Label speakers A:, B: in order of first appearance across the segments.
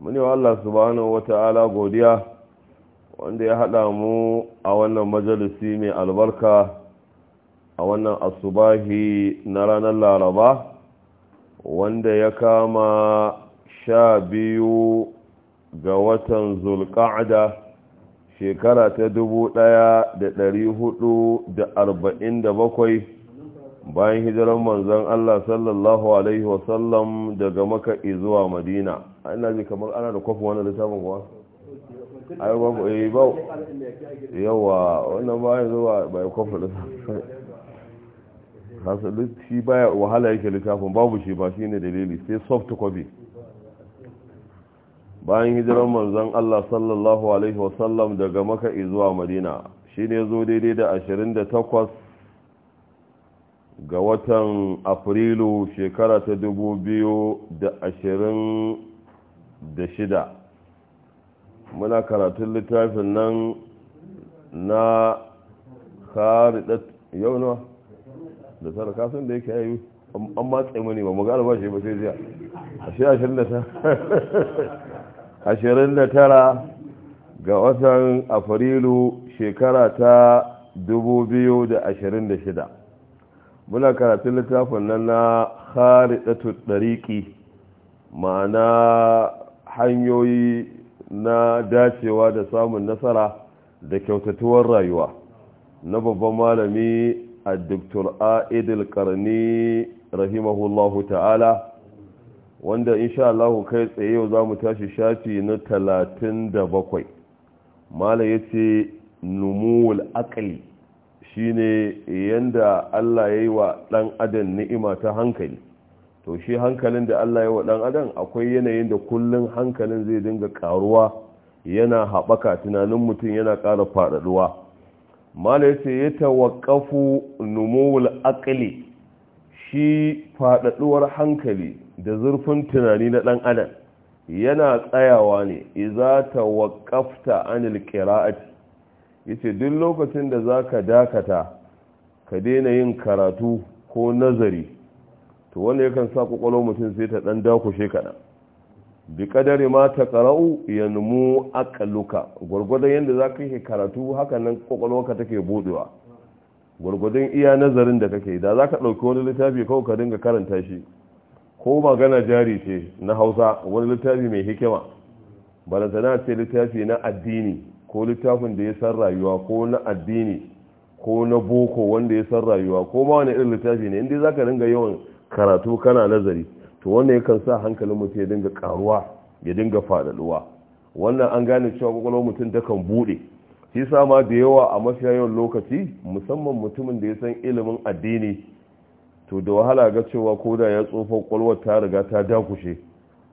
A: muni wa Allah subhanahu wata'ala godiya wanda ya haɗa mu a wannan majalisi mai albarka a wannan asubahi na ranar laraba wanda ya kama sha biyu ga watan zulƙa'ada shekara ta dubu ɗaya da ɗari hudu da arba'in da bakwai bayan hijiran manzon Allah sallallahu alaihi wasallam daga maka zuwa madina ina ji kamar ana da kwafi wani littafin kuwa ai babu eh, yi ba yawa wannan bayan zuwa bai kwafi littafin hasalu shi baya wahala yake littafin babu shi ba shine dalili sai soft copy bayan hijiran manzon Allah sallallahu alaihi wasallam daga maka zuwa madina shine zo daidai da 28 ga watan afrilu shekara ta dubu biyu da ashirin da shida muna karatun littafin nan na kharidat yau nawa da tara kasan da yake yayi an matse mani ba magana ba shi ba sai jiya ashirin da tara ashirin da tara ga watan afrilu shekara ta dubu biyu da ashirin da shida muna karatun littafin nan na haridatu dariki ma'ana hanyoyi na dacewa da samun nasara da kyautatuwar rayuwa na babban malami a dr aidil karni rahimahullahu ta'ala wanda insha Allah kai tsaye yau za mu tashi shafi na talatin da bakwai mala ya ce numuwul akali shine yanda Allah ya yi wa ɗan adam ni'ima ta hankali to shi hankalin da Allah ya yi wa ɗan adam akwai yanayin da kullum hankalin zai dinga karuwa yana haɓaka tunanin mutum yana ƙara faɗaɗuwa mala ya ce ya tawakafu numowul aƙali shi faɗaɗuwar hankali da zurfin tunani na ɗan adam yana tsayawa ne iza waƙafta anil ƙira'ati yace duk lokacin da zaka dakata ka daina yin karatu ko nazari to wanda yakan sa kwakwalwa mutum sai ta dan dakushe kaɗan bi kadari ma ta ƙara'u yanmu numu akaluka gwargwadon yadda za ka yi karatu hakanan kwakwalwarka take buɗewa gwargwadon iya nazarin da kake da za ka ɗauki wani littafi kawai ka dinga karanta shi ko magana jari ce na hausa wani littafi mai hikima balantana ce littafi na addini ko littafin da ya san rayuwa ko na addini ko na boko wanda ya san rayuwa ko ma wani irin littafi ne inda za ka dinga yawan karatu kana nazari to wannan yakan sa hankalin mutum ya dinga karuwa ya dinga faɗaɗuwa wannan an gane cewa kwakwalwar mutum takan buɗe shi sa ma da yawa a mafiya yawan lokaci musamman mutumin da ya san ilimin addini to da wahala ga cewa ko da ya tsofa kwakwalwar ta riga ta dakushe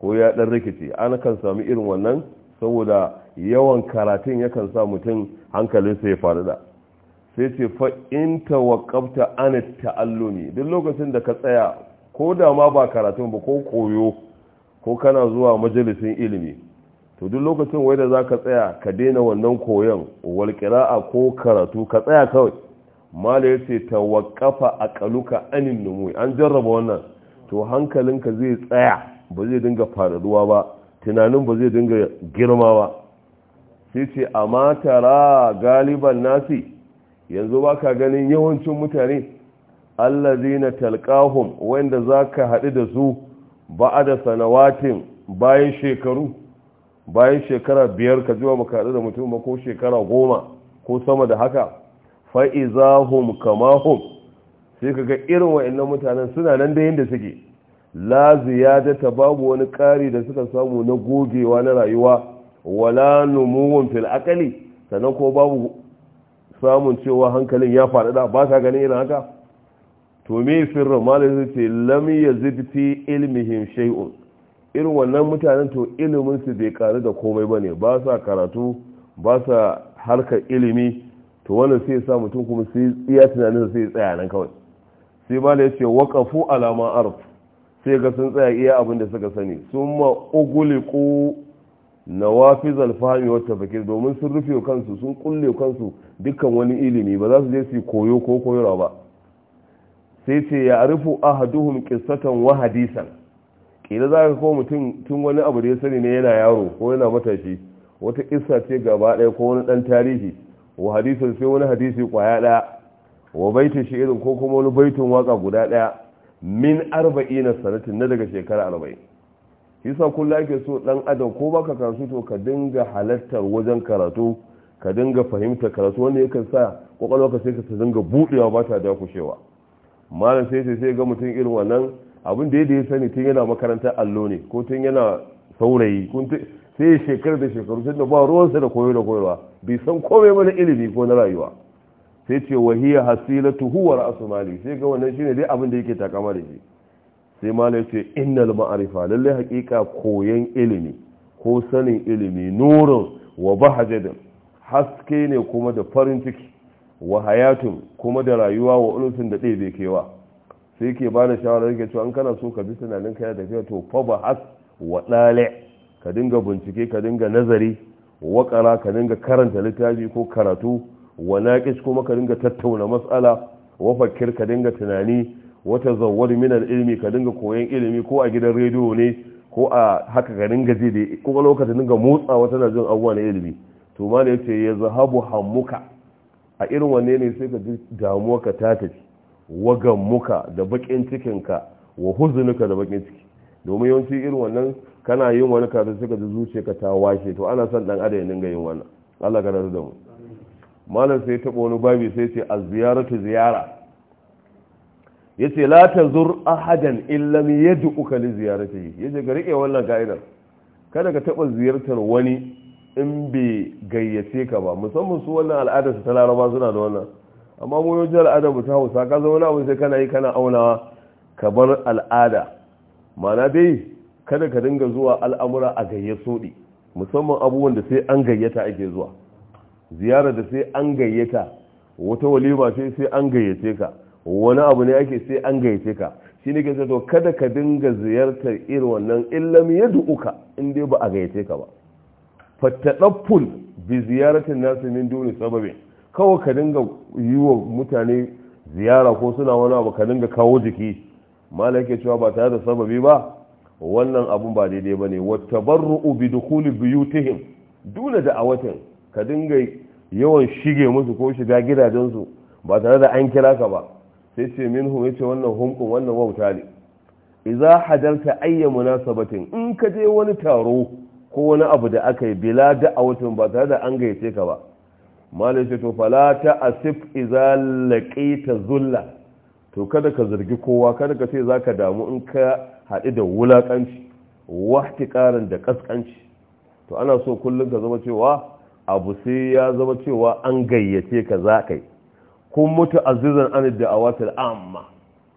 A: ko ya ɗan rikici an kan sami irin wannan saboda yawan karatun yakan sa mutum hankalinsa ya faru da sai ce fa in tawaqqafta an ta'allumi duk lokacin da ka tsaya ko da ma ba karatun ba ko koyo ko kana zuwa majalisin ilimi to duk lokacin wai da za ka tsaya ka daina wannan koyon wal a ko karatu ka tsaya kawai mala yace a ƙaluka anin numu an jarraba wannan to hankalinka zai tsaya ba zai dinga faruwa ba tunanin ba zai dinga girma ba sai ce amma tara galiban nasi yanzu ba ka ganin yawancin mutane na talqahum wanda za ka haɗu da su da sanawatin bayan shekaru bayan shekara biyar ka jiwa maka haɗu da mutum ba ko shekara goma ko sama da haka kama kamahum sai ka ga irin wa'annan mutanen suna nan da yadda suke la ziyadata babu wani kari da suka samu na gogewa na rayuwa wala numuwun fil akali sannan ko babu samun cewa hankalin ya da ba ka ganin irin haka to me sirrin malai zai ce lam yazid fi ilmihim shay'un irin wannan mutanen to ilimin su bai karu da komai bane ba sa karatu ba sa harkar ilimi to wannan sai sa mutum kuma sai iya tunanin sai tsaya nan kawai sai malai ya ce waqafu alama arf sai ga sun tsaya iya abin da suka sani sun ma uguliku na wafiz alfahami wata fakir domin sun rufe kansu sun kulle kansu dukkan wani ilimi ba za su je su koyo ko koyarwa ba sai ce ya rufu ahaduhum qissatan wa hadisan kila za ka ko mutum tun wani abu da ya sani ne yana yaro ko yana matashi wata kissa ce gaba ɗaya ko wani ɗan tarihi wa hadisan sai wani hadisi kwaya ɗaya wa baita shi irin ko kuma wani baitin waka guda ɗaya min arba'ina sanatin na daga shekara arba'in isa kullum ake so dan adam ko baka karatu to ka dinga halartar wajen karatu ka dinga fahimta karatu wanda yakan sa kwakwalwarka sai ka ta dinga budewa ba ta da kushewa. malam sai sai sai ga mutum irin wannan abin da ya sani tun yana makarantar allo ne ko tun yana saurayi sai shekaru da shekaru tun da ba ruwansa da koyo da koyarwa bai san komai mana ilimi ko na rayuwa sai ce wahiya hasilatu huwa ra'su mali sai ga wannan shine dai abin da yake takama da shi sai malai ce innal ma'arifa lalle haqiqa koyan ilimi ko sanin ilimi nurun wa bahajadin haske ne kuma da farin ciki wa hayatun kuma da rayuwa wa ulusin da ɗebe kewa sai ke bada shawarar yake cewa an kana so ka bi tunanin ka ya tafiya to fa ba wa dale ka dinga bincike ka dinga nazari wa ka dinga karanta littafi ko karatu wana kuma ka dinga tattauna matsala wa ka dinga tunani wata tazawwar min ilmi ka dinga koyon ilimi ko a gidan rediyo ne ko a haka ka dinga ji da ko lokacin dinga motsawa tana jin abuwa na ilimi to ma yace ya zahabu hammuka a irin wanne ne sai ka ji damuwa ka ta tafi wagan muka da bakin cikinka wa huzunuka da bakin ciki domin yawanci irin wannan kana yin wani kafin ka ji zuciya ka ta washe to ana son dan adam ya dinga yin wannan Allah ka da mu malam sai taɓa wani babi sai ce az-ziyaratu ziyara yace la tazur ahadan illa yad'uka li ziyaratihi yace ga rike wannan ka'idar kada ka taɓa ziyartar wani in bai gayyace ka ba musamman su wannan al'adar su ta laraba suna da wannan amma mu yau al'adar mu ta hausa ka zama wani abu sai kana yi kana auna ka bar al'ada mana dai kada ka dinga zuwa al'amura a gayyato musamman abubuwan da sai an gayyata ake zuwa ziyara da sai an gayyata wata walima ce sai an gayyace ka wani abu ne ake sai an gayyace ka shi ne to kada ka dinga ziyartar irin wannan illam ya du'uka in dai ba a gayyace ka ba fattadafful bi ziyaratin nasu min duni sababin kawai ka dinga yi wa mutane ziyara ko suna wani abu ka dinga kawo jiki mala yake cewa ba tare da sababi ba wannan abun ba daidai ba ne wata barru'u bi dukuli biyutihim dole da a watan ka dinga yawan shige musu ko shiga gidajensu ba tare da an kira ka ba sai ce hu yace wannan hunkun wannan wauta ne idza hadarta ayya munasabatin in ka je wani taro ko wani abu da aka yi bila da da'awatin ba tare da an gayyace ka ba malai ce to fala ta asif idza laqita zulla to kada ka zargi kowa kada ka ce zaka damu in ka haɗi da wulakanci wahtiqaran da kaskanci to ana so kullum ka zama cewa abu sai ya zama cewa an gayyace ka za kai kun mutu azizan an da'awatul amma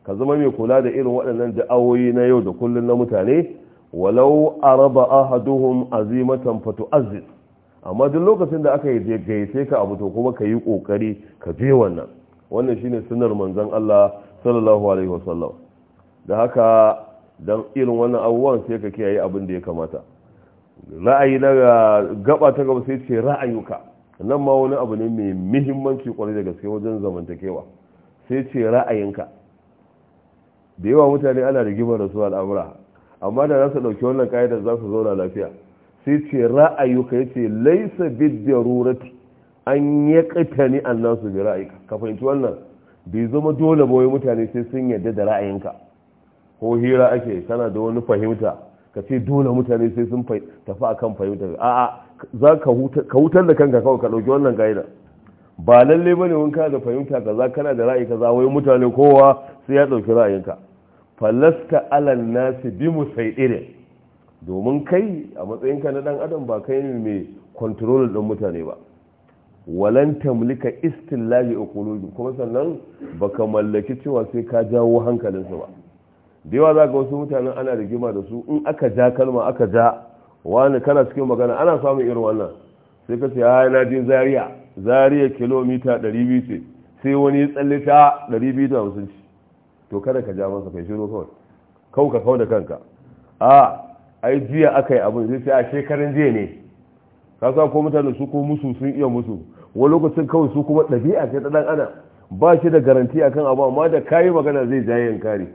A: ka zama mai kula da irin waɗannan da'awoyi na yau da kullun na mutane walau araba ahaduhum azimatan fatu'aziz amma duk lokacin da aka yi gayyace ka abu to kuma ka yi kokari ka je wannan wannan shine sunnar manzon Allah sallallahu alaihi wasallam da haka dan irin wannan abubuwan sai ka kiyaye abin da ya kamata ra'ayi na gaba ta gaba sai ce ra'ayuka nan ma wani abu ne mai muhimmanci kwarai da gaske wajen zamantakewa sai ce ra'ayinka da yawa mutane ana rigimar da su al'amura amma da za su ɗauki wannan ƙa'idar za su zauna lafiya sai ce ra'ayuka ya ce laisa bid rurati an ya ni an nasu bi ra'ayika ka fahimci wannan bai zama dole ba mutane sai sun yarda da ra'ayinka ko hira ake kana da wani fahimta ka ce dole mutane sai sun tafi a kan fahimta a'a za ka hutar da kanka kawai ka ɗauki wannan ga'ida ba lalle bane wani kana da fahimta kaza kana da ra'ayi kaza wai mutane kowa sai ya ɗauki ra'ayinka falasta alal nasi bi musaiɗire domin kai a matsayinka na dan adam ba kai ne mai kontrol ɗin mutane ba walan tamlika istillahi uqulubi kuma sannan baka mallaki cewa sai ka jawo hankalinsu ba da yawa za ka wasu mutanen ana rigima da su in aka ja kalma aka ja wani kana cikin magana ana samun irin wannan sai ka ce ya na je zaria zariya kilomita 200 ce sai wani tsalle ta 250 ce to kada ka ja masa kai shiru kawai kau ka kau da kanka a ai jiya aka yi abin sai a shekarun jiya ne ka sa ko mutane su ko musu sun iya musu wani lokacin kawai su kuma ɗabi'a ce ta ɗan ana ba shi da garanti akan abu amma da kayi magana zai jayen kare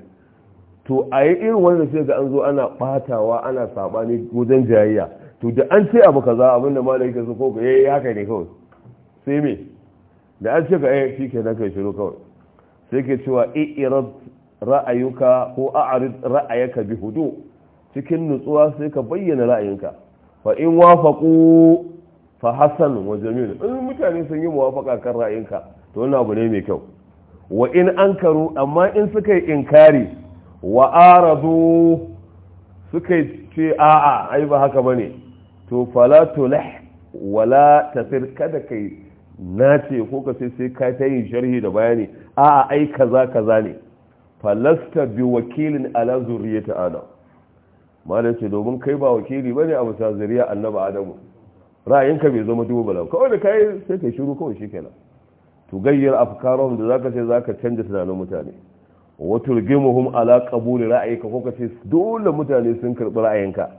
A: to a yi irin wannan sai ga an zo ana batawa ana sabani wajen jayayya to da an ce abu kaza abin da malai ke so ko yayi eh, haka ne kawai sai me da an ce ka eh shike nan kai shiru kawai sai ke cewa i'rad ra'ayuka ko a'rid ra'ayaka bi hudu cikin nutsuwa sai ka bayyana ra'ayinka fa in wafaqu fa hasan wa jamil in mutane sun yi muwafaka kan ra'ayinka to wannan abu ne mai kyau wa in ankaru amma in suka yi inkari wa aradu suka ce a'a ai ba haka bane to fala tulah wala tafir kada kai nace ko ka sai sai ka ta yin sharhi da bayani a'a ai kaza kaza ne falasta bi wakilin ala zuriyati adam malam ce domin kai ba wakili bane a bisa zuriya annabi adamu ra'ayinka bai zama dubu bala kawai da kai sai kai shiru kawai shikenan to gayyar afkarahum da zaka ce zaka canja tunanin mutane wa gimuhum ala qabuli ra'ayika ko kace dole mutane sun karbi ra'ayinka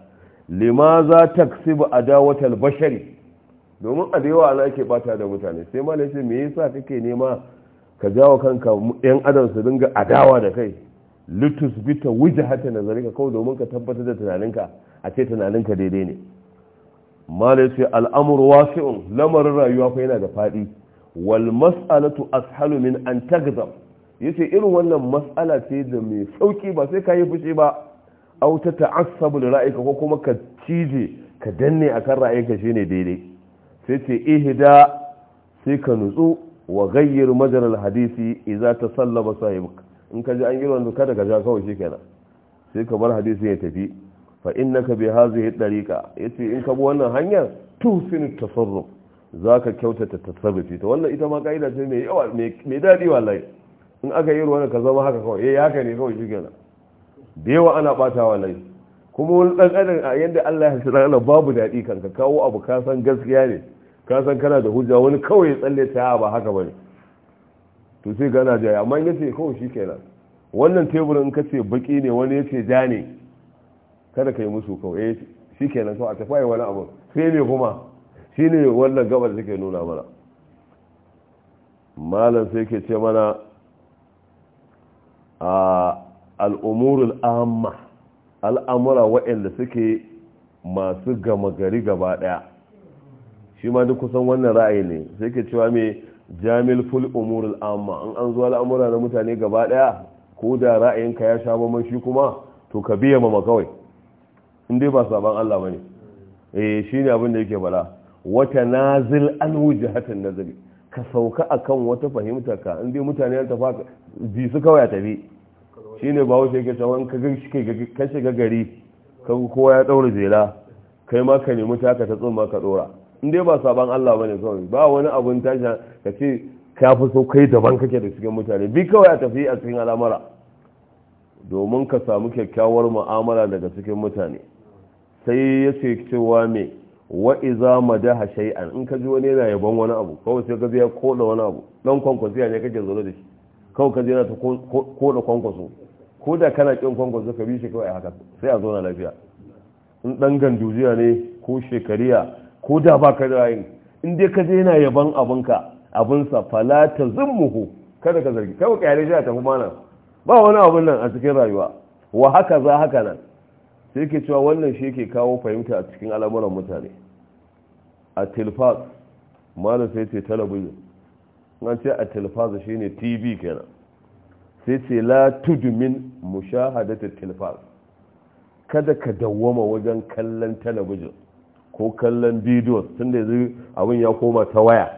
A: limaza taksibu adawatal bashari domin adewa da yawa bata da mutane sai ma ce me yasa kake nema ka jawo kanka yan adam su dinga adawa da kai litus bita wujhata nazarika ko domin ka tabbatar da tunaninka a ce tunaninka daidai ne malai al'amur wasi'un lamarin rayuwa ko yana da faɗi wal mas'alatu ashalu min an tagzam yace irin wannan mas'ala ce da mai sauki ba sai ka yi fushi ba auta ta ta'assabu da ra'ika ko kuma ka cije ka danne akan ra'ayinka ne daidai sai ce ihda sai ka nutsu wa ghayyir majral hadisi idza tasallaba sahibuka in ka ji an yi wanda kada ka ja kawai shikenan sai ka bar hadisi ya tafi fa innaka bi hadhihi tariqa yace in ka bi wannan hanyar tuhsinu tasarruf zaka kyautata tasarrufi to wannan ita ma kaida ce mai yawa mai dadi wallahi in aka yi ruwan ka zama haka kawai Ya eh, haka ne kawai shikenan da yawa ana wa lai kuma wani dan adam a yanda Allah ya tsara Allah babu dadi kan ka kawo abu ka san gaskiya ne ka san kana da hujja wani kawai tsalle ta ah, ba haka bane to sai gana ya amma yace kawai shi shikenan wannan teburin ka ce baki ne wani yace ja ne kada ka yi musu kawai eh shikenan kawai a tafi wani abu sai ne kuma shine wannan gabar da take nuna mana malam sai ke ce mana alumuru al’amma al'amura waɗanda suke masu gama gari gaba ɗaya shi ma duk kusan wannan ra'ayi ne sai ke cewa mai jamil ful umuru al'amma in an zuwa al'amura na mutane gaba ɗaya ko da ra'ayinka ya sha bamban shi kuma to ka biya mama kawai inda ba saban Allah ba ne E, shi ne abin yake bala wata nazil an hatin nazari ka sauka akan wata fahimta ka inda mutane bi kawai a tafi shi ne ba wuce ke cewa ka shiga gari ka kowa ya ɗaura jela kai ma ka nemi ka ta tsoma ka ɗora in dai ba sabon Allah bane kawai ba wani abun tashi ka ce ka fi so kai daban kake da cikin mutane bi kawai a tafi a cikin al'amara domin ka samu kyakkyawar mu'amala daga cikin mutane sai ya ce cewa me wa iza madaha shay'an in ka ji wani yana yaban wani abu kawai sai ka ya koda wani abu dan kwankwasiya ne kake zaune da shi kawai ka zira ta ko da kwankwaso ko da kana kin kwankwaso ka bi shi kawai haka sai a zauna lafiya in dan ganduziya ne ko shekariya ko da ba ka da yin in ka je yana yaban abinka abinsa fala ta zummuhu kada ka zargi kawai ka yare shi a tafi mana ba wani abin nan a cikin rayuwa wa haka za haka nan sai ke cewa wannan shi ke kawo fahimta a cikin al'amuran mutane a tilfas malam sai ce talabijin an ce a telfaz ne tv kenan sai ce la tudumin mushahadatul telfaz kada ka dawwama wajen kallon talabijin ko kallon bidiyo tun da yanzu abin ya koma ta waya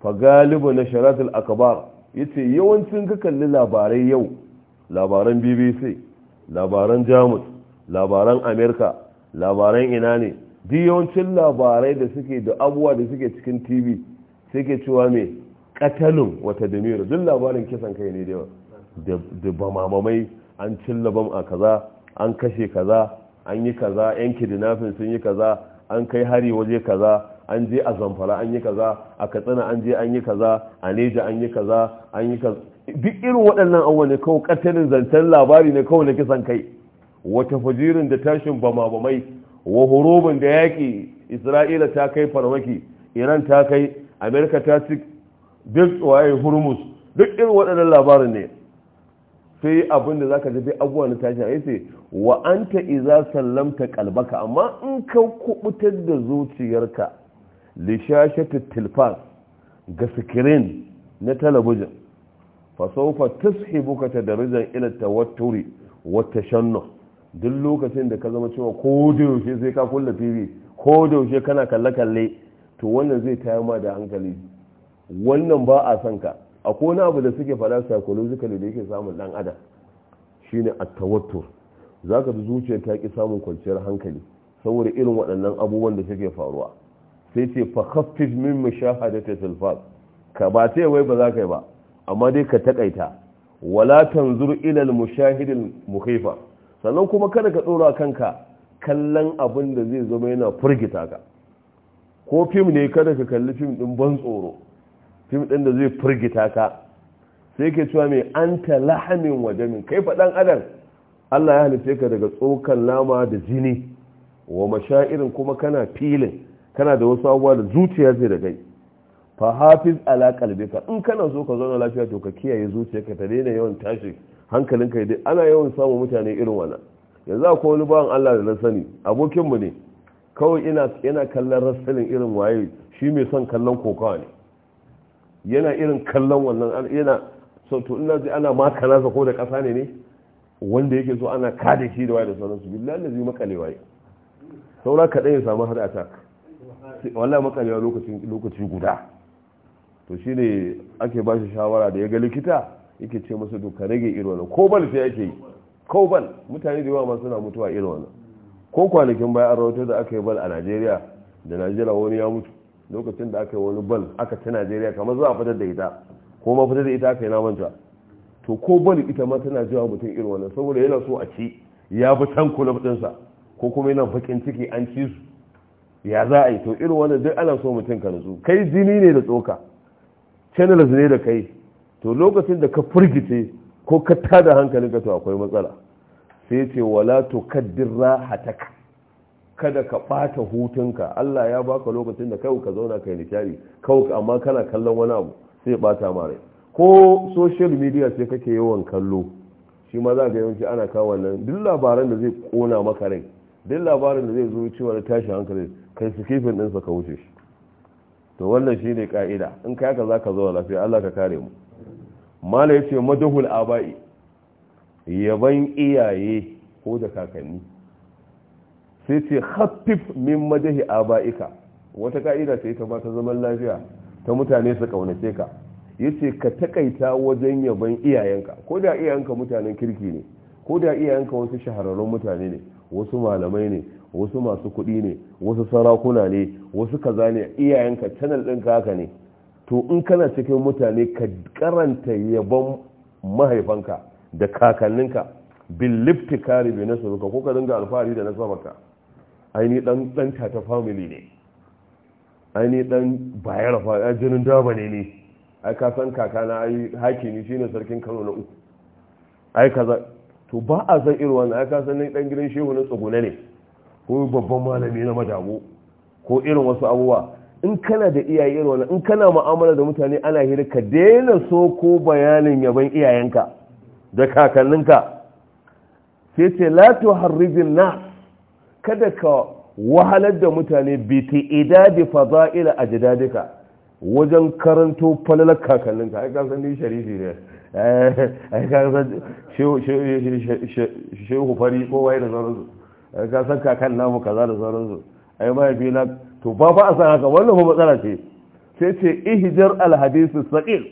A: fa galibu na sharatul akbar yace yawancin ka kalli labarai yau labaran bbc labaran jamus labaran amerika labaran ina ne duk yawancin labarai da suke da abubuwa da suke cikin tv suke ke cewa me katalin wata damiru duk labarin kisan kai ne da yawa da an cilla bam a kaza an kashe kaza an yi kaza yan kidnapping sun yi kaza an kai hari waje kaza an je a zamfara an yi kaza a katsina an je an yi kaza a neja an yi kaza an yi kaza duk irin waɗannan abubuwa ne kawai katalin zancen labari ne kawai na kisan kai wata fajirin da tashin mamamai wa horobin da yaƙi isra'ila ta kai farmaki iran ta kai amerika ta ci duk waye hurmus duk irin waɗannan labarin ne sai abin da zaka ji abuwa na tashi a yace wa anta iza sallamta kalbaka amma in ka kubutar da zuciyarka lishashatu tilfas ga sikirin na talabijin fa sawfa ta tadrijan ila tawatturi wa tashannuh duk lokacin da ka zama cewa ko da sai ka kulla tv ko da kana kalle kalle to wannan zai tayar ma da hankali wannan ba a son ka a kona abu da suke fada psychologically da yake samun dan adam shine tawattu tawattur ka fi zuciyar ta ki samun kwanciyar hankali saboda irin waɗannan abubuwan da suke faruwa sai ce fa khaffif min ta sulfat ka ba ce wai ba za ka yi ba amma dai ka takaita wala tanzur ila al-mushahid al sannan kuma kada ka dora kanka kallon abin da zai zama yana furgita ka ko fim ne kada ka kalli fim ɗin ban tsoro fim ɗin da zai firgita ka sai ke cewa mai an ta lahamin waje min kai faɗan adam Allah ya halitta ka daga tsokan nama da jini wa irin kuma kana filin kana da wasu abubuwa da zuciya zai da kai fa hafiz ala ka in kana so ka zauna lafiya to ka kiyaye zuciyarka ta daina yawan tashi hankalin ka dai ana yawan samun mutane irin wana yanzu a wani bawan Allah da na sani abokinmu ne kawai ina yana kallon rasalin irin waye shi mai son kallon kokawa ne yana irin kallon wannan yana sautu ina zai ana maka nasa ko da ƙasa ne ne wanda yake so ana kada shi da waye da sauransu billahi lazi makalewa ya saura kaɗai ya samu har attack wallahi makalewa lokacin lokaci guda to shine ake ba shi shawara da ya ga likita yake ce masa to ka rage irin wannan ko bal sai yake yi ko bal mutane da yawa ma suna mutuwa irin wannan ko kwanakin baya an rawatar da aka yi bal a Najeriya da Najeriya wani ya mutu lokacin da aka yi wani bal aka ci najeriya kamar za a fitar da ita ko ma fitar da ita aka yi na manta to ko bal ita ma tana jiwa mutum irin wannan saboda yana so a ci ya fi can kulab ɗinsa ko kuma yana bakin ciki an ci su ya za a yi to irin wannan duk ana so mutum ka nutsu kai jini ne da tsoka channels ne da kai to lokacin da ka firgice ko ka tada ka to akwai matsala sai ce wala to kaddir rahataka kada ka ɓata hutunka Allah ya baka lokacin da kawai ka zauna kai nishari kawai amma kana kallon wani abu sai ɓata ma ko social media sai kake yawan kallo shi ma za ka yawanci ana kawo wannan duk labaran da zai kona maka rai duk labaran da zai zo cewa da tashi hankali kai su kifin sa ka wuce shi to wannan shi ne ka'ida in ka yaka za ka zo lafiya Allah ka kare mu mala ya ce madahul aba'i yaban iyaye ko da kakanni sai ce khaffif min majahi aba'ika wata ka'ida sai ta ba ta zaman lafiya ta mutane su kaunace ka yace ka takaita wajen yaban iyayenka ko da iyayenka mutanen kirki ne ko da iyayenka wasu shahararrun mutane ne wasu malamai ne wasu masu kuɗi ne wasu sarakuna ne wasu kaza ne iyayenka channel ka haka ne to in kana cikin mutane ka karanta yabon mahaifanka da kakanninka bil liftikari bi nasaruka ko ka dinga alfahari da nasabarka aini dan dan tata family ne aini dan bayar fa jinin daba ne ne ai ka san kaka na ai hakimi shine sarkin Kano na uku ai kaza to ba a san irin wannan ai ka san dan gidan shehu na tsuguna ne ko babban malami na madago ko irin wasu abubuwa in kana da iyaye irin wannan in kana mu'amala da mutane ana hira ka daina so ko bayanin yaban iyayenka da kakanninka sai ce la tuharrijin nas kada ka wahalar da mutane biti idadi fada'ila a jidadika wajen karanto falalar kakanninka ai san ni sharifi ne eh, ai san shehu fari ko waye da sauransu ai san kakan namu kaza da sauransu ai mahaifi na to ba ba a san haka wannan ba matsala ce sai ce ihjar alhadisu saqil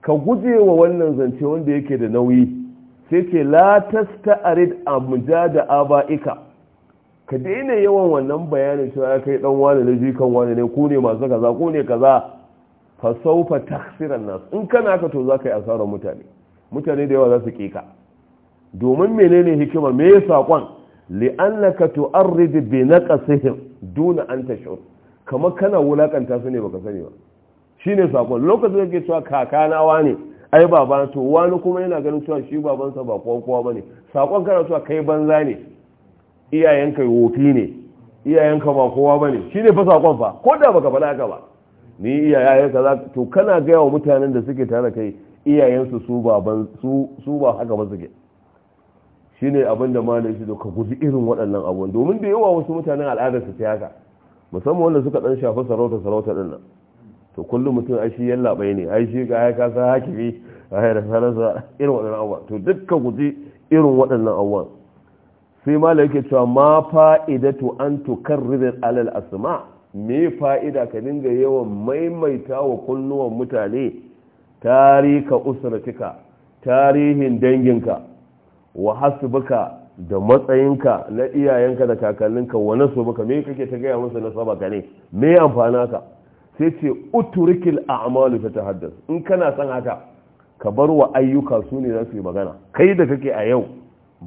A: ka guje wa wannan zance wanda yake da nauyi sai ce la tasta'rid amjada abaika ka daina yawan wannan bayanin cewa ya kai dan wani na jikan wani ne ku ne masu kaza ku ne kaza fa saufa taksiran nas in kana ka to za ka yi asarar mutane mutane da yawa za su ka domin menene hikima me ya saƙon li'annaka tu'arrid bi naqasihim duna an tashur kama kana wulakanta su ne baka sani ba shine saƙon lokacin da kake cewa na wani ai baba to wani kuma yana ganin cewa shi babansa ba kowa kowa bane saƙon kana cewa kai banza ne iyayenka wofi ne iyayenka ba kowa bane shine fa fasa fa ko da baka fada haka ba ni iyaye kaza to kana gaya wa mutanen da suke tare kai iyayensu su su su ba haka ba suke ne abin da ma shi ka guji irin waɗannan abubuwan domin da yawa wasu mutanen al'adar su ta haka musamman wanda suka dan shafi sarauta sarauta din nan to kullum mutum ai shi bai ne ai shi ga ya kasa hakimi a haira sararsa irin waɗannan abubuwan to dukkan guji irin waɗannan abubuwan sai malam yake cewa ma fa'idatu an tukarrir alal asma me fa'ida ka dinga yawan maimaita wa kunnuwan mutane tarika usratika tarihin danginka wa hasbuka da matsayinka na iyayenka da kakanninka wa baka me kake ta gaya musu nasaba ka ne me amfana ka sai ce uturikil a'malu ta tahaddas in kana son haka ka bar wa ayyuka su ne za su yi magana kai da kake a yau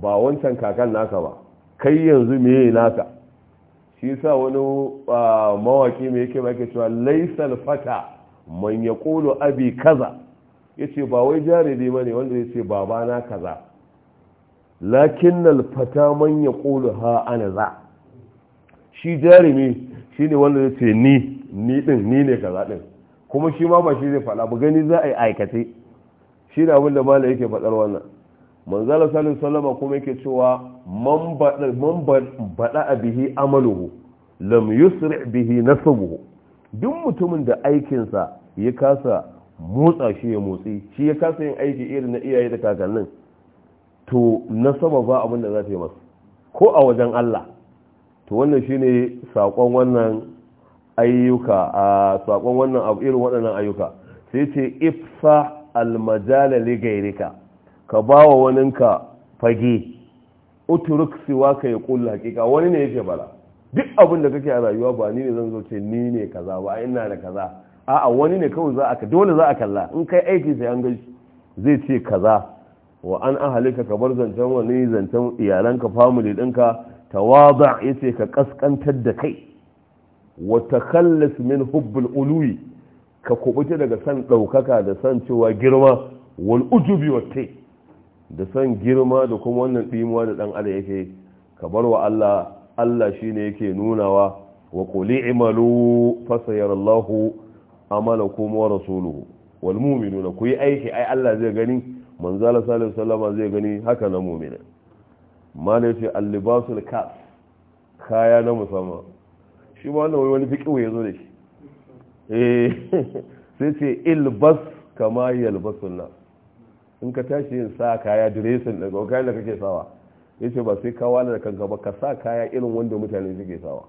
A: ba wancan kakan naka ba kai yanzu meye naka shi yasa wani mawaki mai yake maka cewa laisal fata man yaqulu abi kaza yace ba wai jaridi bane wanda yace baba na kaza lakinnal fata man yaqulu ha ana za shi jarumi shine wanda yace ni ni din ni ne kaza din kuma shi ma ba shi zai faɗa ba gani za a yi aikace shi da abin da yake faɗar wannan manzala salin salama kuma yake cewa man baɗa a bihi amaluhu lam yusri bihi nasabuhu duk mutumin da aikinsa ya kasa motsa shi ya motsi shi ya kasa yin aiki irin na iyaye da kakannin to nasaba ba abin da za yi masa ko a wajen Allah to wannan shine sakon wannan ayyuka a sakon wannan abu irin waɗannan ayyuka sai ce ifsa almajala li gairika ka ba wa waninka fage uturuk siwa ka ya kulla hakika wani ne yake bala duk abin da kake a rayuwa ba ni ne zan zo ce ni ne kaza ba ina da kaza a'a wani ne kawai za a dole za a kalla in kai aiki sai an gaji zai ce kaza wa an ahalika ka bar zancen wani zancen iyalanka family dinka tawada yace ka kaskantar da kai wa takhallas min hubbul ului ka kubuta daga san ɗaukaka da san cewa girma wal ujubi wa da son girma da kuma wannan ɗimuwa da ɗan adam yake ka bar wa Allah Allah shine yake nunawa wa quli imalu fasayarallahu amalakum wa rasuluhu wal muminu ku kuyi aiki ai Allah zai gani manzala sallallahu alaihi wasallam zai gani haka na mu'mina mala yace al-libasul kaf kaya na musamman shi ma wannan wani fiqh ya zo da shi eh sai ce ilbas kama yalbasun nas in ka tashi yin sa kaya diresin daga kayan da kake sawa ya ce ba sai kawa da kanka ba ka sa kaya irin wanda mutane suke sawa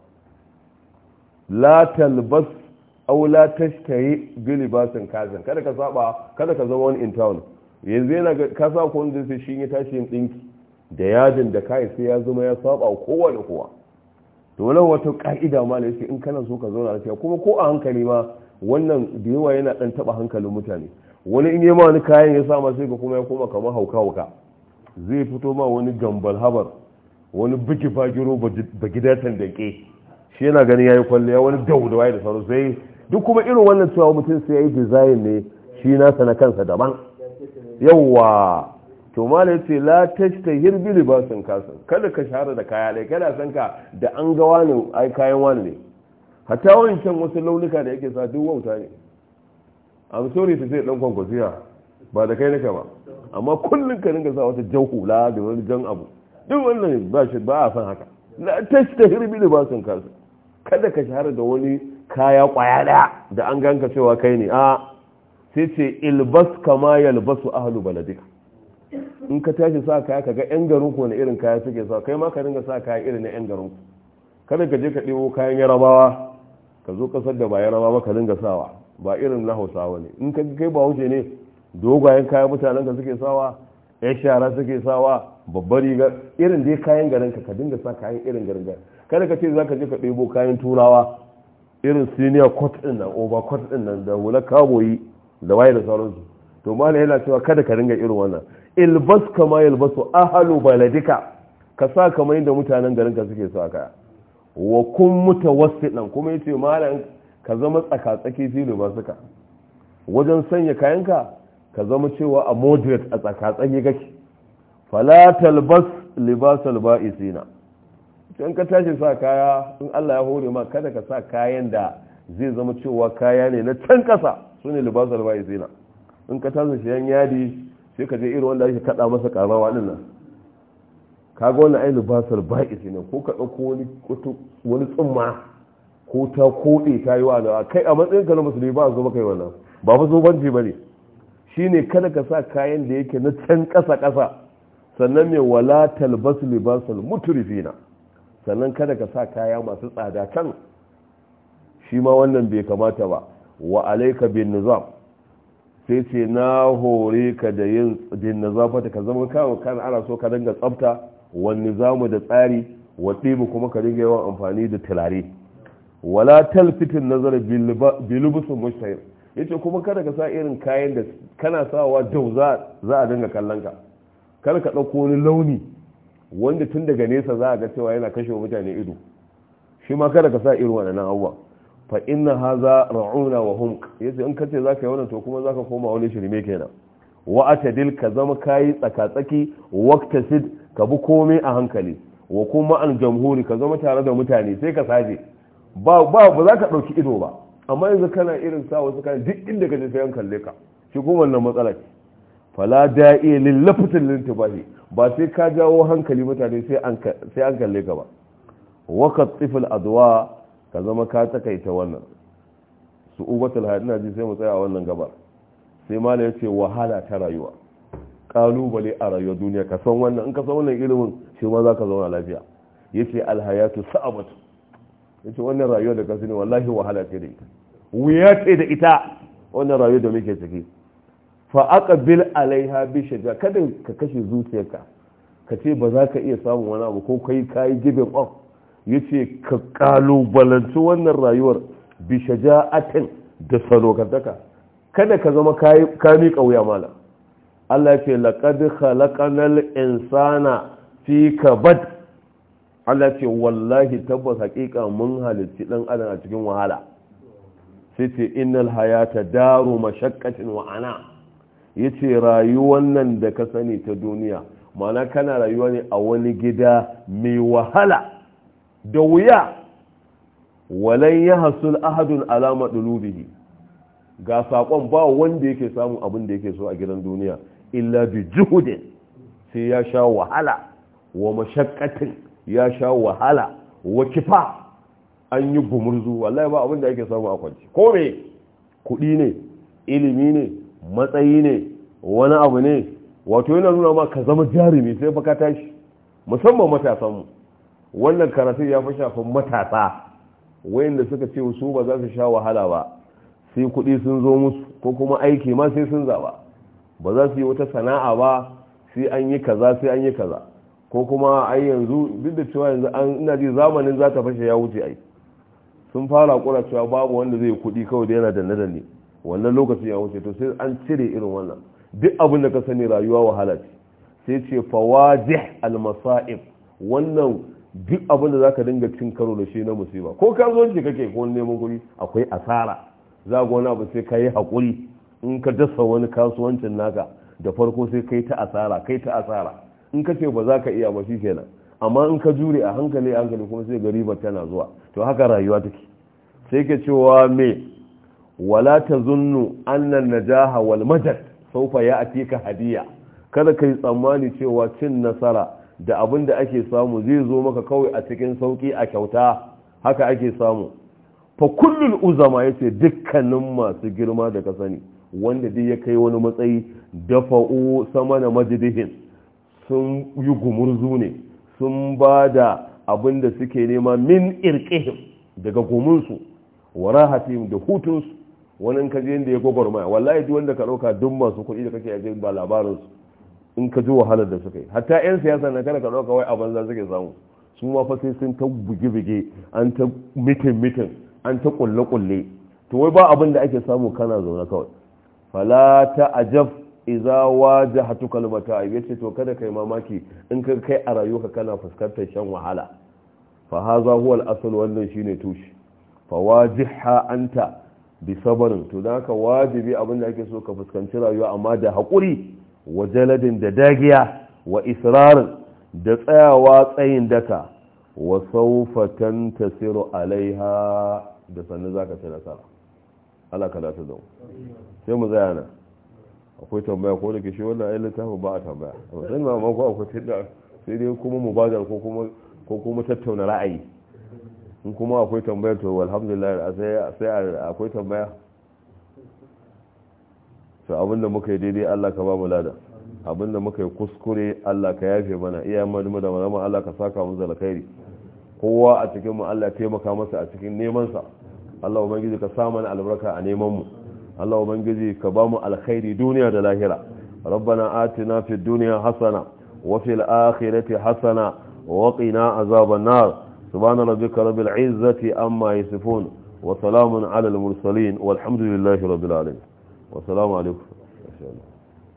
A: la talbas au la tashtari bi kazin kada ka saba kada ka zama wani in town yanzu yana ka sa ko wanda sai shi ya tashi yin dinki da yadin da kai sai ya zama ya saba kowa da kowa to nan wata ka'ida ma ne in kana so ka zauna lafiya kuma ko a hankali ma wannan da yawa yana dan taba hankalin mutane wani in ma wani kayan ya sama sai ka kuma ya koma kamar hauka hauka zai fito ma wani gambal habar wani biki fagiro ba gidatan da ke shi yana gani ya yi kwalliya wani daudawa da waye da sauran sai duk kuma irin wannan cewa mutum sai ya yi design ne shi nasa na kansa daban yawwa to mala ya ce la tashta hirbi libasin kasan kada ka shahara da kaya ɗaya kada san ka da an ga wani ai kayan wani ne hatta wancan wasu launuka da yake sa duk wauta ne a misori to say dan kwankwasiya ba da kai nake ba amma kullum ka dinga sa wata jan hula da wani jan abu duk wannan ba shi ba a san haka la da ba libasin kasu kada ka shahara da wani kaya kwaya daya da an ganka cewa kai ne a sai ce ilbas kama yalbasu ahlu baladika in ka tashi sa kaya ka ga yan garin ku wani irin kaya suke sa kai ma ka dinga sa kaya irin na yan garin ku kada ka je ka ɗebo kayan yarabawa ka zo kasar da ba yarabawa ka dinga sawa ba irin na hausawa ne in ka kai ba wuce ne dogayen kayan mutanen ka suke sawa ya shara suke sawa babbar rigar irin dai kayan garin ka ka dinga sa kayan irin garin garin kada ka ce za ka je ka ɗebo kayan turawa irin senior court din nan over court din nan da hula kaboyi da waye da sauransu to malam yana cewa kada ka ringa irin wannan ilbas kama yalbasu ahalu baladika ka sa kamar yadda mutanen garin ka suke sa kaya wa kun mutawassit kuma yace malam ka zama tsakatsaki filo ba suka wajen sanya kayanka ka zama cewa a moderate a tsakatsaki kake falatal bas libasal ba'isina in ka tashi sa kaya in Allah ya hore ma kada ka sa kayan da zai zama cewa kaya ne na can kasa su ne libasal ba'isina in ka tashi sayan yadi sai ka je irin wanda ake kada masa karawa waɗin nan kaga wani ai libasal ba'isina ko ka ɗauko wani tsumma ko ta koɗe ta yi wa a kai a matsayin ka na musulmi ba a zo maka wannan ba fa zo banji ba ne shi ne kada ka sa kayan da yake na can ƙasa ƙasa sannan mai wala talbas libasul muturifina sannan kada ka sa kaya masu tsada can shi ma wannan bai kamata ba wa alaika bin nizam sai ce na hore ka da yin bin nizafata ka zama kawo kan ana so ka dinga tsafta wani zamu da tsari wa ɗibu kuma ka dinga yawan amfani da turare wala talfitin nazar bilubusun mustahil yace kuma kada ka sa irin kayan da kana sawa dau za a dinga kallon ka kada ka dauko wani launi wanda tun daga nesa za a ga cewa yana kashe mutane ido shi ma kada ka sa irin wannan abubuwa fa inna haza ra'una wa humq yace in kace ka yi wannan to kuma zaka koma wani shirme kenan wa atadil ka zama kayi tsakatsaki waqtasid ka bi komai a hankali wa kuma an jamhuri ka zama tare da mutane sai ka saje ba ba ba za ka ɗauki ido ba amma yanzu kana irin sa wasu kana duk inda ka je sai an kalle ka shi kuma wannan matsala ce fala da'i lil lafatin lintibahi ba sai ka jawo hankali mutane sai an kalle ka ba wa qatifil adwa ka zama ka takaita wannan su ubatul hadina ji sai mu tsaya a wannan gabar sai mala ce wahala ta rayuwa kalubale a rayuwar duniya ka san wannan in ka san wannan ilimin shi ma za ka zauna lafiya yace alhayatu sa'abatu yace wannan rayuwa da kasu ne wallahi wahala ce da ita wuya ce da ita wannan rayuwa da muke ciki fa aqbil alaiha bi shaja kada ka kashe zuciyarka ka ce ba za ka iya samun wani abu ko kai kayi gibin up yace ka kalubalanci wannan rayuwar bi shaja'atin da salokantaka kada ka zama ka miƙa wuya malam Allah ya ce laqad khalaqanal insana fi kabad Allah ce wallahi tabbas hakika mun halitti dan adam a cikin wahala sai ce innal hayata daru mashaqqatin wa ana yace rayuwar nan da ka sani ta duniya ma'ana kana rayuwa ne a wani gida mai wahala da wuya walan yahsul ahadun ala madlubihi ga sakon ba wanda yake samun abin da yake so a gidan duniya illa bi juhudin sai ya sha wahala wa mashaqqatin ya sha wahala wakifa an yi gumurzu wallahi ba abin da ake samu a kwanci ko me kuɗi ne ilimi ne matsayi ne wani abu ne wato yana nuna ma ka zama jarumi sai baka ka tashi musamman matasanmu wannan karatu ya fi shafin matasa wayanda suka ce su ba za su sha wahala ba sai kuɗi sun zo musu ko kuma aiki ma sai sun zaba ba za su yi wata sana'a ba sai an yi kaza sai an yi kaza ko kuma ai yanzu duk da cewa yanzu an ina ji zamanin za ta fashe ya wuce ai sun fara kura cewa babu wanda zai kuɗi kawai da yana danne danne wannan lokacin ya wuce to sai an cire irin wannan duk abin da ka sani rayuwa wahala ce sai ce fawajih almasa'ib wannan duk abin da zaka dinga cin karo da shi na musiba ko ka zo ce kake ko neman kuɗi akwai asara za ga wani abu sai ka yi haƙuri in ka dasa wani kasuwancin naka da farko sai kai ta asara kai ta asara in ka ce ba za ka iya ba shi kenan amma in ka jure a hankali a hankali kuma sai garibar tana zuwa to haka rayuwa take sai ke cewa me wala ta zunnu annan najaha wal madad saufa ya ake ka hadiya kada ka yi tsammani cewa cin nasara da abin da ake samu zai zo maka kawai a cikin sauki a kyauta haka ake samu fa kullun uzama yace dukkanin masu girma da ka sani wanda dai ya kai wani matsayi dafa'u sama na majdihin sun yi gumurzu ne sun ba da abin da suke nema min irkihim daga gumunsu wa rahatim da hutunsu wani ka je yadda ya gwagwarmaya wallahi duk wanda ka ɗauka duk masu kuɗi da kake ajiyar ba labarinsu in ka ji wahalar da suka yi hatta 'yan siyasa na kana ka ɗauka wai a banza suke samu sun ma fa sai sun ta buge-buge an ta mitin-mitin an ta kulle-kulle to wai ba abin da ake samu kana zaune kawai fala ta ajab iza waje hatu kalmata ya ce to kada kai mamaki in ka kai a rayuwa kana fuskantar shan wahala fa haza huwa al-asl wannan shine tushe fa wajiha anta bi sabrin to dan ka wajibi abin da ake so ka fuskanci rayuwa amma da hakuri wa jaladin da dagiya wa israr da tsayawa tsayin daka wa sawfa tantasiru alaiha da sannan zaka ci nasara Allah ka dace da sai mu tsaya akwai tambaya ko da ke shi wannan ayi littafin ba a tambaya a matsayin ma ko akwai tada sai dai kuma mubadar ko kuma ko kuma tattauna ra'ayi in kuma akwai tambaya to alhamdulillah sai sai akwai tambaya to abinda muka yi daidai Allah ka ba mu lada abinda muka yi kuskure Allah ka yafe mana iya mu da mu Allah ka saka mu zalkairi kowa a cikin mu Allah ya taimaka masa a cikin neman sa Allah ubangiji ka sa mana albarka a neman mu Allah ubangiji ka ba mu alkhairi duniya da lahira rabbana atina fi duniya hasana wa fil akhirati hasana wa qina azaban nar subhana rabbika rabbil izzati amma yasifun wa salamun ala al mursalin walhamdulillahi rabbil alamin wa salamu alaikum